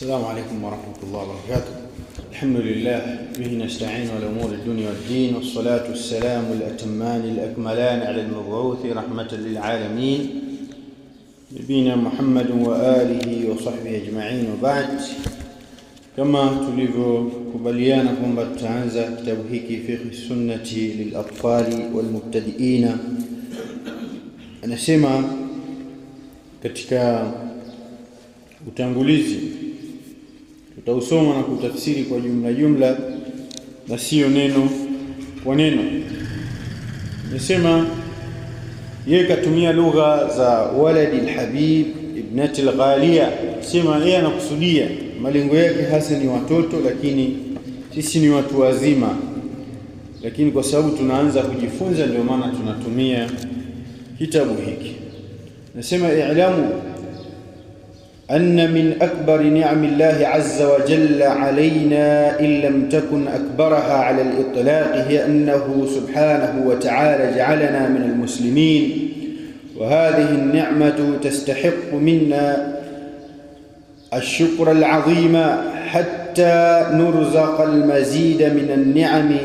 السلام عليكم ورحمة الله وبركاته الحمد لله به نستعين على أمور الدنيا والدين والصلاة والسلام الأتمان الأكملان على المبعوث رحمة للعالمين نبينا محمد وآله وصحبه أجمعين وبعد كما tulivyokubaliana kwamba tutaanza kitabu في السنة للأطفال والمبتدئين أنا anasema كتكا utangulizi tutausoma na kutafsiri kwa jumla jumla na siyo neno kwa neno. nasema yeye katumia lugha za waladi alhabib, ibnati alghalia. Sema yeye anakusudia malengo yake hasa ni watoto, lakini sisi ni watu wazima, lakini kwa sababu tunaanza kujifunza, ndio maana tunatumia kitabu hiki. Nasema i'lamu أن من أكبر نعم الله عز وجل علينا إن لم تكن أكبرها على الإطلاق هي أنه سبحانه وتعالى جعلنا من المسلمين وهذه النعمة تستحق منا الشكر العظيم حتى نرزق المزيد من النعم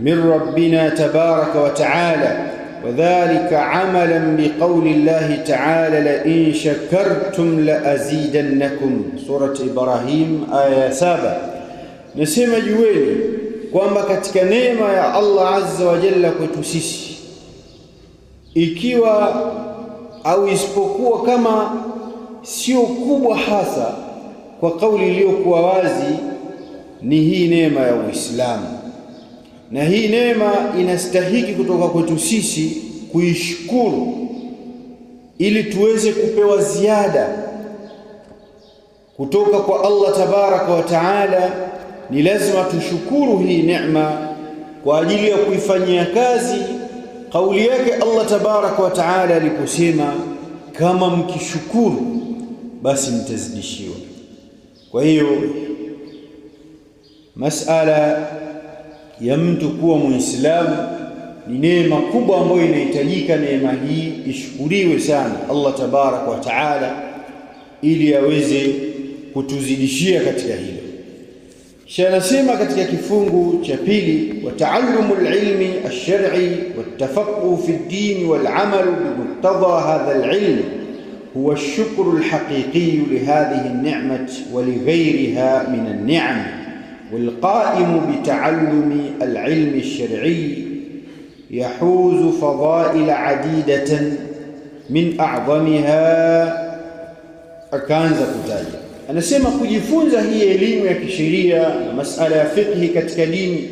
من ربنا تبارك وتعالى wadhalika amalan biqauli llahi taala lain shakartum laazidannakum, Surat Ibrahim aya ya saba. Nasema juweni kwamba katika neema ya Allah azza wa jalla kwetu sisi, ikiwa au isipokuwa kama sio kubwa hasa, kwa kauli iliyokuwa wazi ni hii neema ya Uislamu na hii neema inastahiki kutoka kwetu sisi kuishukuru, ili tuweze kupewa ziada kutoka kwa Allah tabaraka wa taala. Ni lazima tushukuru hii neema kwa ajili ya kuifanyia kazi kauli yake Allah tabaraka wa taala aliposema, kama mkishukuru basi mtazidishiwa. Kwa hiyo masala ya mtu kuwa Muislamu ni neema kubwa ambayo inahitajika. Neema hii ishukuriwe sana Allah tabarak wa taala, ili aweze kutuzidishia katika hilo. Kisha anasema katika kifungu cha pili, wa taallumul ilmi ash-shar'i wa tafaqqu fi ad-din wal 'amal bi muqtada hadha al-'ilm huwa ash-shukru al-haqiqi li hadhihi an lnicmati wa li ghayriha min an-ni'am والقائم بتعلم العلم الشرعي يحوز فضائل عديدة من أعظمها أركان زكوتاية أنا سيما كجفونزة هي يا كشيرية مسألة فقه كتكلين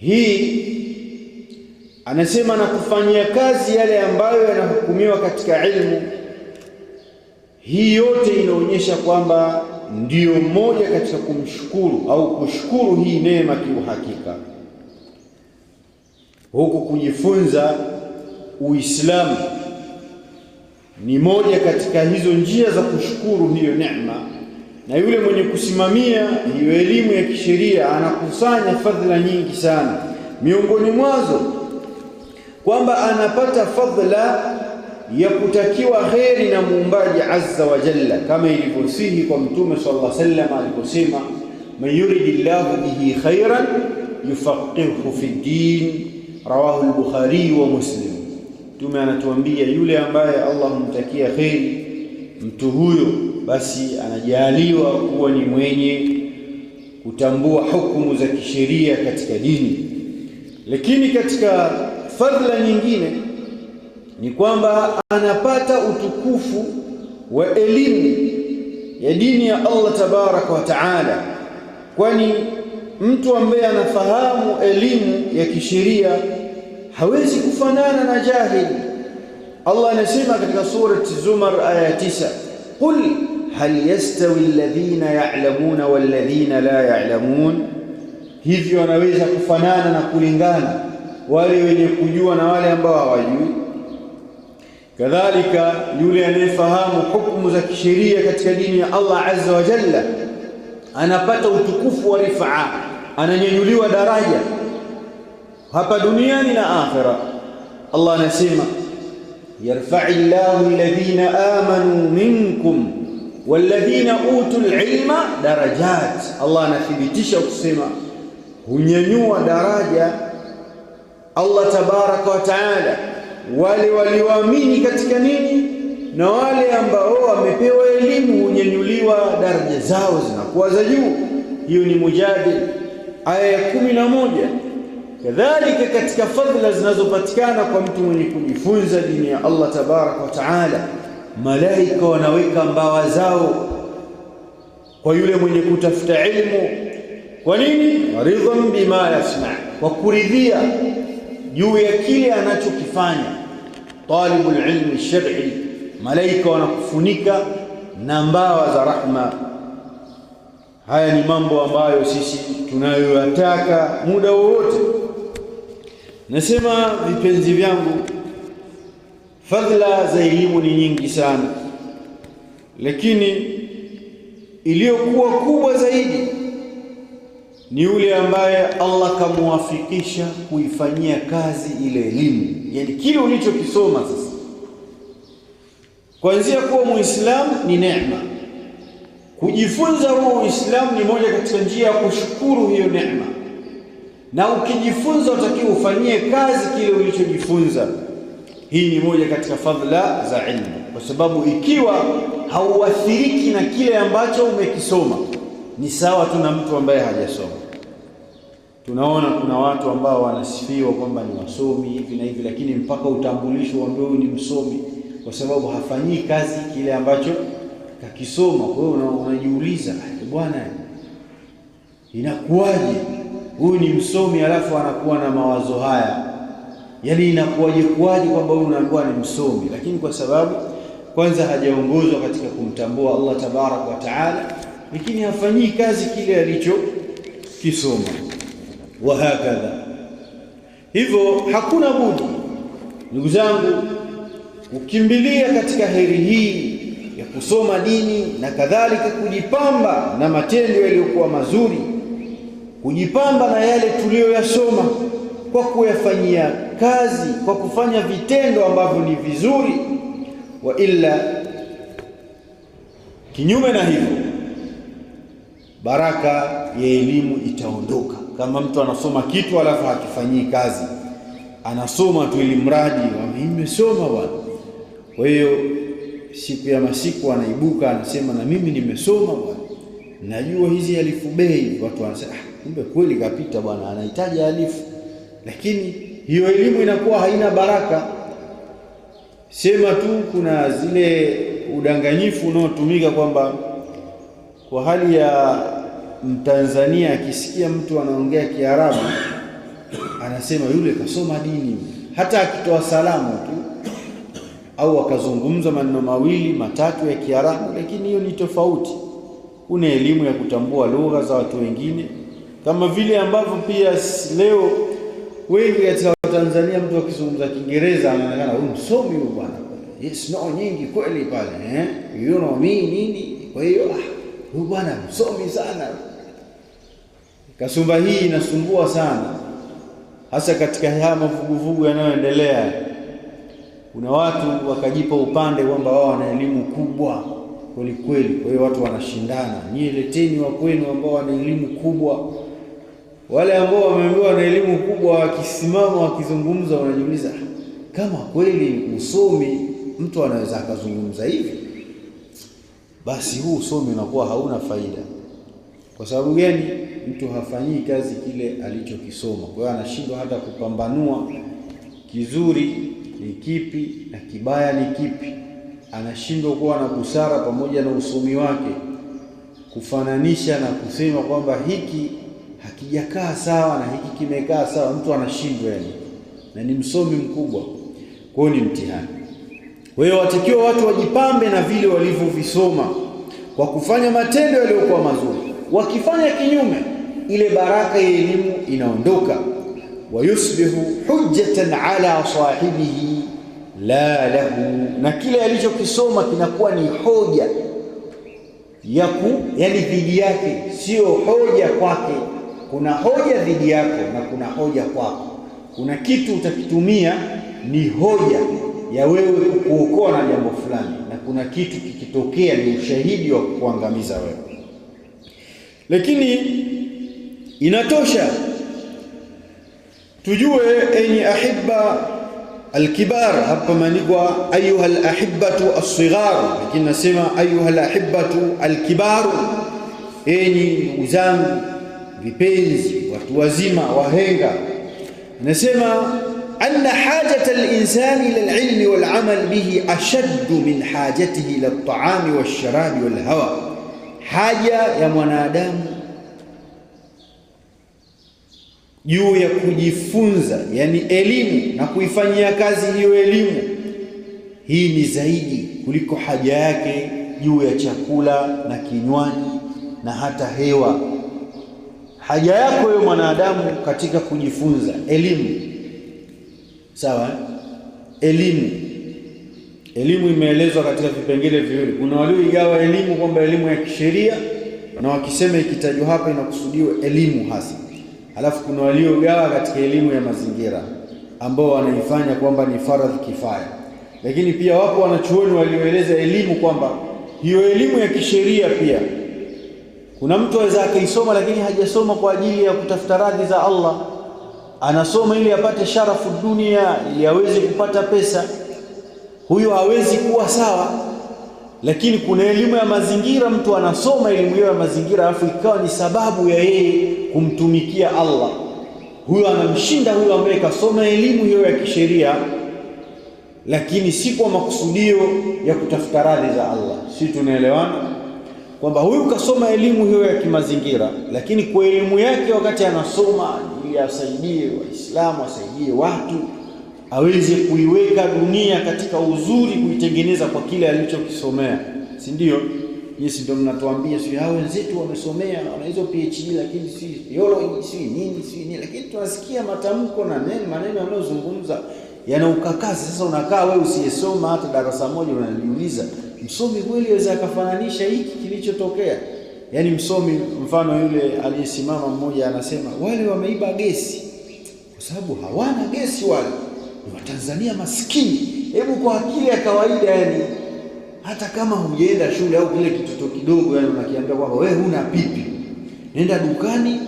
هي أنا سيما نقفاني كازي يلي أمبالي أنا حكومي وكتك علم هي يوتي نونيشا كوامبا ndiyo moja katika kumshukuru au kushukuru hii neema kiuhakika, huku kujifunza Uislamu ni moja katika hizo njia za kushukuru hiyo neema, na yule mwenye kusimamia hiyo elimu ya kisheria anakusanya fadhila nyingi sana, miongoni mwazo kwamba anapata fadhila ya kutakiwa kheri na muumbaji azza wa jalla, kama ilivyosihi kwa Mtume sallallahu alaihi wasallam aliposema, man yuridi llahu bihi khairan yufaqihu fi din, rawahu al-Bukhari wa Muslim. Mtume anatuambia yule ambaye Allah humtakia kheri, mtu huyo basi anajaliwa kuwa ni mwenye kutambua hukumu za kisheria katika dini. Lakini katika fadhila nyingine ni kwamba anapata utukufu wa elimu ya dini ya Allah tabaraka wa taala, kwani mtu ambaye anafahamu elimu ya kisheria hawezi kufanana na jahili. Allah anasema katika surati Zumar aya 9, qul hal yastawi alladhina ya'lamuna walladhina la ya'lamun, hivyo anaweza kufanana na kulingana wale wenye kujua na wale ambao hawajui كذلك يولي أن يفهم حكم ذاك الشريعة كتدين الله عز وجل أنا بتو تكف ورفع أنا يولي ودرايا هبا دنيا من آخرة الله نسيم يرفع الله الذين آمنوا منكم والذين أوتوا العلم درجات الله نسيم تشوف سما هنيو ودرايا الله تبارك وتعالى wale walioamini katika nini na wale ambao wamepewa elimu hunyanyuliwa, daraja zao zinakuwa za juu. Hiyo ni Mujadil aya ya kumi na moja. Kadhalika katika fadhila zinazopatikana kwa mtu mwenye kujifunza dini ya Allah tabaraka wa taala, malaika wanaweka mbawa zao kwa yule mwenye kutafuta ilmu. Kwa nini? ridhan bima yasma, kwa kuridhia juu ya kile anachokifanya talibu lilmi shar'i, malaika wanakufunika na mbawa za rahma. Haya ni mambo ambayo sisi tunayoyataka muda wowote. Nasema vipenzi vyangu, fadhila za elimu ni nyingi sana, lakini iliyokuwa kubwa zaidi ni yule ambaye Allah kamuwafikisha kuifanyia kazi ile elimu, yani kile ulichokisoma sasa. Kuanzia kuwa muislamu ni neema, kujifunza huo Uislamu ni moja katika njia ya kushukuru hiyo neema, na ukijifunza utakiwa ufanyie kazi kile ulichojifunza. Hii ni moja katika fadhila za ilmu, kwa sababu ikiwa hauathiriki na kile ambacho umekisoma ni sawa tu na mtu ambaye hajasoma. Tunaona kuna watu ambao wanasifiwa kwamba ni wasomi hivi na hivi, lakini mpaka utambulisho wa huyu ni msomi, kwa sababu hafanyii kazi kile ambacho kakisoma. Kwa hiyo unajiuliza, bwana, inakuwaje huyu ni msomi alafu anakuwa na mawazo haya? Yaani inakuwaje kuwaje kwamba huyu unaambiwa ni msomi, lakini kwa sababu kwanza hajaongozwa katika kumtambua Allah tabaraka wa taala lakini hafanyii kazi kile alichokisoma. Wa hakadha hivyo, hakuna budi ndugu zangu kukimbilia katika heri hii ya kusoma dini na kadhalika, kujipamba na matendo yaliyokuwa mazuri, kujipamba na yale tuliyoyasoma kwa kuyafanyia kazi, kwa kufanya vitendo ambavyo ni vizuri. Wa illa, kinyume na hivyo baraka ya elimu itaondoka. Kama mtu anasoma kitu alafu hakifanyii kazi, anasoma tu ili mradi nimesoma bwana. Kwa hiyo siku ya masiku anaibuka anasema, na mimi nimesoma bwana, najua hizi alifu bei. Watu wanasema ah, kumbe kweli kapita bwana, anahitaji alifu, lakini hiyo elimu inakuwa haina baraka. Sema tu kuna zile udanganyifu unaotumika kwamba kwa hali ya Mtanzania akisikia mtu anaongea Kiarabu anasema yule kasoma dini. Hata akitoa salamu tu au akazungumza maneno mawili matatu ya Kiarabu, lakini hiyo ni tofauti. Kuna elimu ya kutambua lugha za watu wengine, kama vile ambavyo pia leo wengi katika Watanzania, mtu akizungumza Kiingereza anaonekana huyu msomi huyu bwana, yes no nyingi kweli pale eh, you know me nini, kwa hiyo ah, huyu bwana msomi sana, kasumba hii inasumbua sana, hasa katika haya mavuguvugu yanayoendelea. Kuna watu wakajipa upande kwamba wao wana elimu kubwa kweli kweli, kwa hiyo watu wanashindana, nyie leteni wa kwenu ambao wana elimu kubwa. Wale ambao wameambiwa na elimu kubwa, wakisimama wakizungumza, wanajiuliza kama kweli usomi mtu anaweza akazungumza hivi basi huu usomi unakuwa hauna faida. Kwa sababu gani? Mtu hafanyii kazi kile alichokisoma, kwa hiyo anashindwa hata kupambanua kizuri ni kipi na kibaya ni kipi, anashindwa kuwa na busara pamoja na usomi wake kufananisha na kusema kwamba hiki hakijakaa sawa na hiki kimekaa sawa. Mtu anashindwa yani, na ni msomi mkubwa, kwa hiyo ni mtihani. Wewe watakiwa watu wajipambe na vile walivyovisoma kwa kufanya matendo yaliyokuwa mazuri. Wakifanya kinyume, ile baraka ya elimu inaondoka. Wayusbihu hujjatan ala sahibihi la lahu, na kile alichokisoma kinakuwa ni hoja yaku, yani dhidi yake, siyo hoja kwake. Kuna hoja dhidi yako na kuna hoja kwako. Kuna kitu utakitumia ni hoja ya wewe kukuokoa na jambo fulani, na kuna kitu kikitokea ni ushahidi wa kukuangamiza wewe, lakini inatosha tujue, enyi ahibba alkibar. Hapa maandikwa ayuha lahibatu alsighar, lakini nasema ayuha lahibatu alkibaru, enyi ndugu zangu vipenzi, watu wazima, wahenga. Nasema anna hajata linsani ila lilmi walamal bihi ashaddu min hajatihi ila ltaami walsharabi walhawa, haja ya mwanadamu juu ya kujifunza, yani elimu na kuifanyia kazi hiyo elimu, hii ni zaidi kuliko haja yake juu ya chakula na kinywani na hata hewa. Haja yako wewe mwanadamu katika kujifunza elimu Sawa, eh? elimu. Elimu imeelezwa katika vipengele viwili. Kuna walioigawa elimu kwamba elimu ya kisheria, na wakisema ikitajwa hapa inakusudiwa elimu hasa. Halafu kuna waliogawa katika elimu ya mazingira ambao wanaifanya kwamba ni faradhi kifaya, lakini pia wapo wanachuoni walioeleza elimu kwamba hiyo elimu ya kisheria pia kuna mtu aweza akaisoma, lakini hajasoma kwa ajili ya kutafuta radhi za Allah anasoma ili apate sharafu dunia, ili aweze kupata pesa, huyo hawezi kuwa sawa. Lakini kuna elimu ya mazingira, mtu anasoma elimu hiyo ya mazingira alafu ikawa ni sababu ya yeye kumtumikia Allah, huyo anamshinda huyo ambaye kasoma elimu hiyo ya kisheria, lakini si kwa makusudio ya kutafuta radhi za Allah. Si tunaelewana? kwamba huyu kasoma elimu hiyo ya kimazingira, lakini kwa elimu yake wakati anasoma kuja asaidie Waislamu, asaidie watu, aweze kuiweka dunia katika uzuri, kuitengeneza kwa kile alichokisomea, si ndio? Nyinyi ndio mnatuambia sio, hao wenzetu wamesomea, wana hizo PhD, lakini si theology, si nini, si nini, lakini tunasikia matamko na neno maneno yanayozungumza yana ukakasi. Sasa unakaa wewe usiyesoma hata darasa moja, unajiuliza msomi kweli aweza akafananisha hiki kilichotokea Yaani msomi mfano yule aliyesimama mmoja anasema wale wameiba gesi kwa sababu hawana gesi, wale ni Watanzania maskini. Hebu kwa akili ya kawaida, yani hata kama hujaenda shule au kile kitoto kidogo, yani unakiambia kwamba wewe huna pipi, nenda dukani,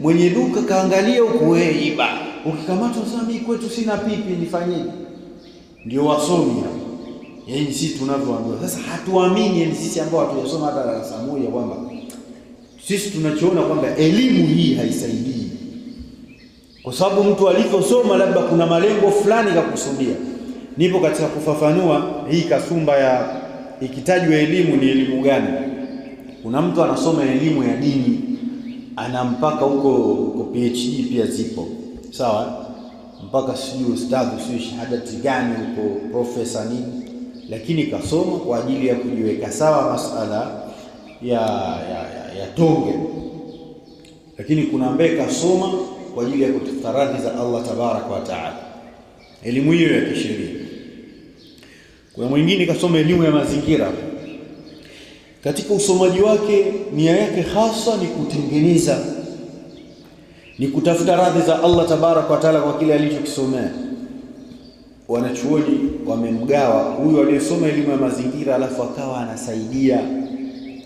mwenye duka kaangalia huko, wewe iba. Ukikamatwa sasa mimi kwetu sina pipi, nifanyeni Ndio wasomi yani sisi tunavyoambiwa. Sasa hatuamini yani sisi ambao hatujasoma hata darasa moja kwamba sisi tunachoona kwamba elimu hii haisaidii, kwa sababu mtu alivyosoma labda kuna malengo fulani kusudia. Nipo katika kufafanua hii kasumba ya ikitajwa elimu ni elimu gani. Kuna mtu anasoma elimu ya dini, ana mpaka huko huko PhD pia zipo, sawa mpaka sijui ustadhi sijui shahadati gani huko profesa nini, lakini kasoma kwa ajili ya kujiweka sawa masala ya, ya, ya, ya tonge, lakini kuna ambaye kasoma kwa ajili ya kutafuta radhi za Allah tabaraka wa taala, elimu hiyo ya kisheria. Kuna mwingine kasoma elimu ya mazingira, katika usomaji wake nia yake hasa ni kutengeneza, ni kutafuta radhi za Allah tabaraka wa taala kwa kile alichokisomea. Wanachuoni wamemgawa huyu aliyesoma elimu ya mazingira alafu akawa anasaidia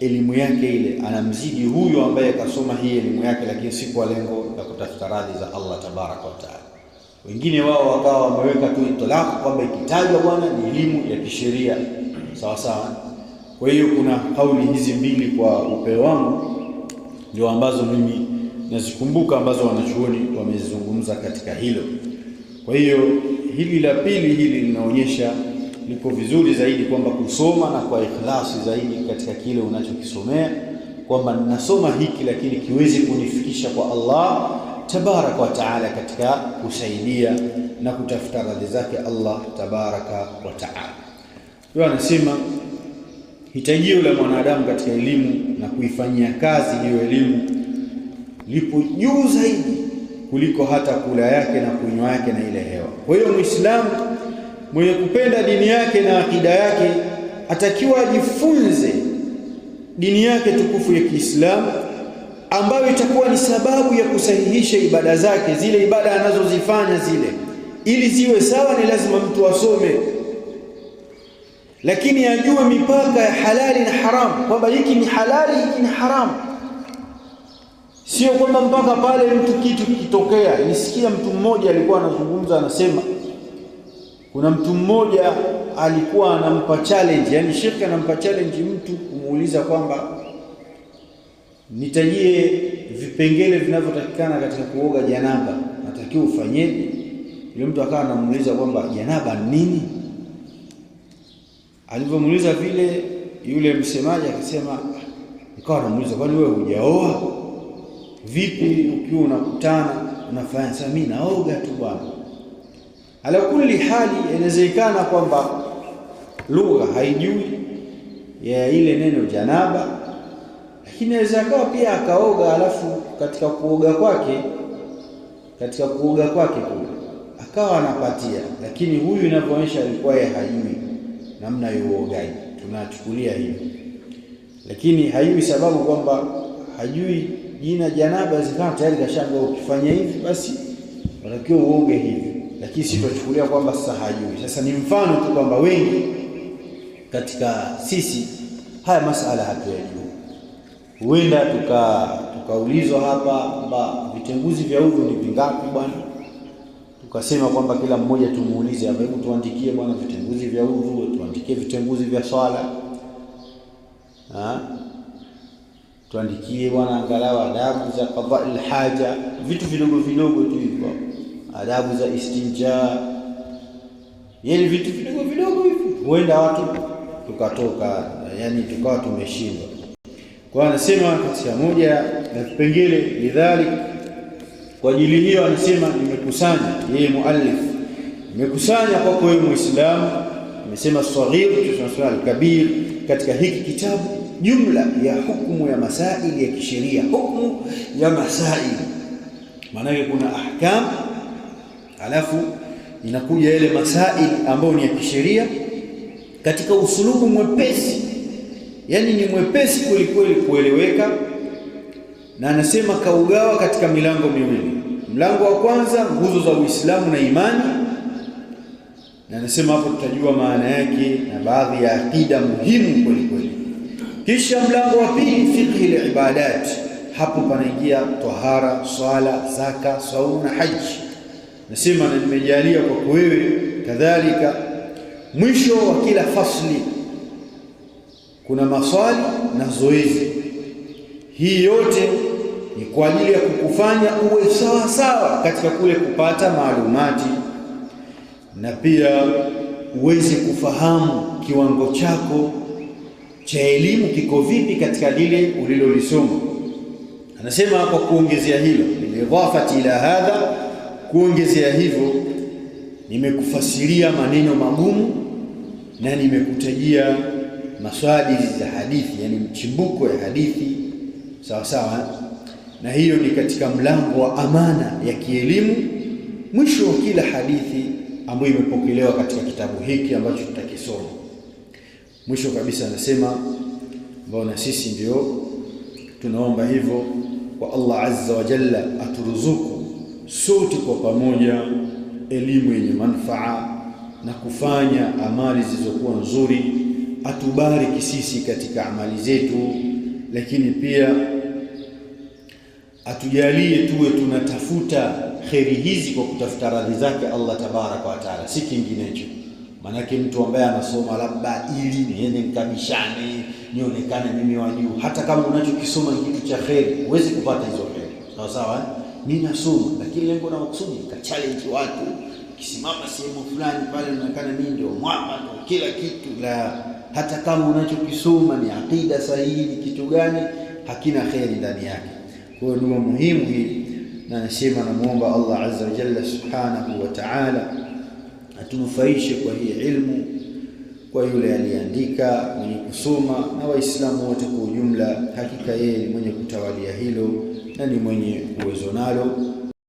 elimu yake ile anamzidi huyo ambaye akasoma hii elimu yake, lakini si kwa lengo la kutafuta radhi za Allah tabaraka wa taala. Wengine wao wakawa wameweka tu itilaq kwamba ikitajwa bwana ni elimu ya kisheria sawa sawa. Kwa hiyo kuna kauli hizi mbili kwa upeo wangu ndio ambazo mimi nazikumbuka ambazo wanachuoni wamezungumza katika hilo. Kwa hiyo hili la pili hili linaonyesha liko vizuri zaidi kwamba kusoma na kwa ikhlasi zaidi katika kile unachokisomea, kwamba ninasoma hiki lakini kiwezi kunifikisha kwa Allah tabaraka wa taala katika kusaidia na kutafuta radhi zake Allah tabaraka wa taala. Huyo anasema hitajio la mwanadamu katika elimu na kuifanyia kazi hiyo elimu lipo juu zaidi kuliko hata kula yake na kunywa yake na ile hewa. Kwa hiyo Muislamu mwenye kupenda dini yake na akida yake atakiwa ajifunze dini yake tukufu ya Kiislamu ambayo itakuwa ni sababu ya kusahihisha ibada zake, zile ibada anazozifanya zile, ili ziwe sawa, ni lazima mtu asome, lakini ajue mipaka ya halali na haramu, kwamba hiki ni halali, hiki ni haramu. Sio kwamba mpaka pale mtu kitu kitokea. Nisikia mtu mmoja alikuwa anazungumza, anasema kuna mtu mmoja alikuwa anampa challenge, yani shekhe anampa challenge mtu kumuuliza kwamba nitajie vipengele vinavyotakikana katika kuoga janaba, natakiwa ufanyeje? Yule mtu akawa anamuuliza kwamba janaba nini? Alivyomuuliza vile, yule msemaji akasema, ikawa anamuuliza kwani wewe hujaoa vipi? Ukiwa unakutana unafanya, sasa mimi naoga tu bwana Ala kulli hali, inawezekana kwamba lugha haijui ya ile neno janaba, lakini aweza akawa pia akaoga, alafu katika kuoga kwake katika kuoga kwake kule akawa anapatia, lakini huyu inavyoonyesha alikuwa yeye hajui namna yuogai tunachukulia hivi, lakini haiwi sababu kwamba hajui jina janaba, zikawa tayari kashaga, ukifanya hivi basi unatakiwa uoge hivi lakini si tuchukulia kwamba sasa hajui. Sasa ni mfano tu kwamba wengi katika sisi haya masala hatuyajui, huenda tukaulizwa hapa kwamba vitenguzi vya udhu ni vingapi bwana, tukasema kwamba kila mmoja tumuulize hapa, hebu tuandikie bwana vitenguzi vya udhu, tuandikie vitenguzi vya swala ha? tuandikie bwana angalau adabu za qadha haja, vitu vidogo vidogo tu hivyo adabu za istinja, yaani vitu vidogo vidogo hivi, huenda watu tukatoka, yani tukawa tumeshindwa. Kwa anasema katika moja na vipengele, lidhalik, kwa ajili hiyo anasema nimekusanya, yeye muallif, nimekusanya kwako wewe Muislamu, amesema saghir alkabir, katika hiki kitabu jumla ya hukumu ya masaili ya kisheria, hukumu ya masaili, maanake kuna ahkamu alafu inakuja yale masaili ambayo ni ya kisheria katika usulubu mwepesi, yani ni mwepesi kwelikweli kueleweka, na anasema kaugawa katika milango miwili. Mlango wa kwanza nguzo za Uislamu na imani, na anasema hapo tutajua maana yake na baadhi ya akida muhimu kwelikweli. Kisha mlango wa pili fiqhi al-ibadat, hapo panaingia tahara, swala, zaka, saumu na haji nasema na nimejalia kwako wewe kadhalika. Mwisho wa kila fasli kuna maswali na zoezi. Hii yote ni kwa ajili ya kukufanya uwe sawa sawa katika kule kupata maalumati na pia uweze kufahamu kiwango chako cha elimu kiko vipi katika lile ulilolisoma. Anasema kwa kuongezea hilo, bilidhafati ila hadha Kuongezea hivyo, nimekufasiria maneno magumu na nimekutajia maswadiri za hadithi, yani mchimbuko ya hadithi sawa sawa, na hiyo ni katika mlango wa amana ya kielimu. Mwisho wa kila hadithi ambayo imepokelewa katika kitabu hiki ambacho tutakisoma mwisho kabisa, anasema ambao na sisi ndio tunaomba hivyo kwa Allah azza wa jalla aturuzuku sote kwa pamoja elimu yenye manufaa na kufanya amali zilizokuwa nzuri, atubariki sisi katika amali zetu, lakini pia atujalie tuwe tunatafuta kheri hizi kwa kutafuta radhi zake Allah tabaraka wa taala, si kinginecho. Maanake mtu ambaye anasoma labda ili niende nikabishane, nionekane mimi wa juu, hata kama unachokisoma ni kitu cha kheri, huwezi kupata hizo kheri. Sawa sawa. Eh? nasoma lakini lengo na makusudi nika challenge watu. Ukisimama sehemu fulani pale, unaonekana mimi ndio mwapa ndio kila kitu, la hata kama unachokisoma ni aqida sahihi, ni kitu gani, hakina kheri ndani yake. Kwa hiyo dua muhimu hii, na nasema namuomba Allah azza wa jalla subhanahu wa ta'ala atunufaishe kwa hii ilmu, kwa yule aliyeandika, mwenye kusoma na Waislamu wote kwa ujumla. Hakika yeye ni mwenye kutawalia hilo na ni mwenye uwezo nalo